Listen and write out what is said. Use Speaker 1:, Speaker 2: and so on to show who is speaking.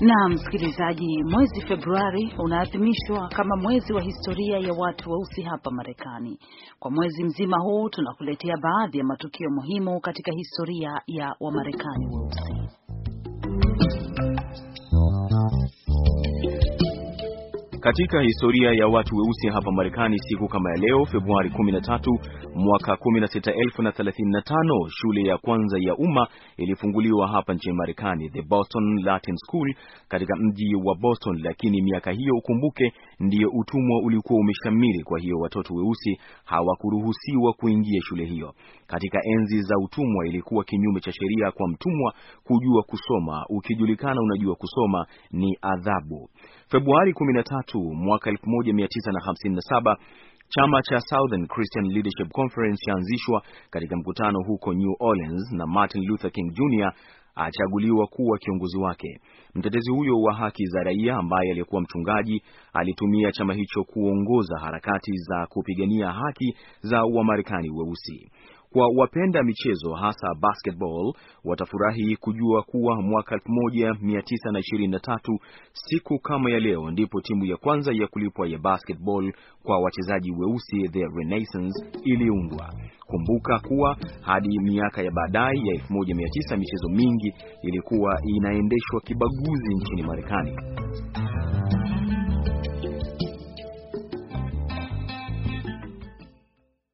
Speaker 1: Na msikilizaji, mwezi Februari unaadhimishwa kama mwezi wa historia ya watu weusi wa hapa Marekani. Kwa mwezi mzima huu tunakuletea baadhi ya matukio muhimu katika historia ya Wamarekani weusi wa
Speaker 2: Katika historia ya watu weusi hapa Marekani, siku kama ya leo Februari 13 mwaka 16,035 shule ya kwanza ya umma ilifunguliwa hapa nchini Marekani, The Boston Latin School katika mji wa Boston. Lakini miaka hiyo, ukumbuke, ndiyo utumwa ulikuwa umeshamiri, kwa hiyo watoto weusi hawakuruhusiwa kuingia shule hiyo. Katika enzi za utumwa, ilikuwa kinyume cha sheria kwa mtumwa kujua kusoma. Ukijulikana unajua kusoma, ni adhabu. Februari 13 mwaka 1957 chama cha Southern Christian Leadership Conference chaanzishwa katika mkutano huko New Orleans na Martin Luther King Jr achaguliwa kuwa kiongozi wake. Mtetezi huyo wa haki za raia ambaye aliyekuwa mchungaji alitumia chama hicho kuongoza harakati za kupigania haki za Wamarekani weusi. Kwa wapenda michezo hasa basketball watafurahi kujua kuwa mwaka 1923 siku kama ya leo ndipo timu ya kwanza ya kulipwa ya basketball kwa wachezaji weusi the Renaissance iliundwa. Kumbuka kuwa hadi miaka ya baadaye ya 1900 michezo mingi ilikuwa inaendeshwa kibaguzi nchini Marekani.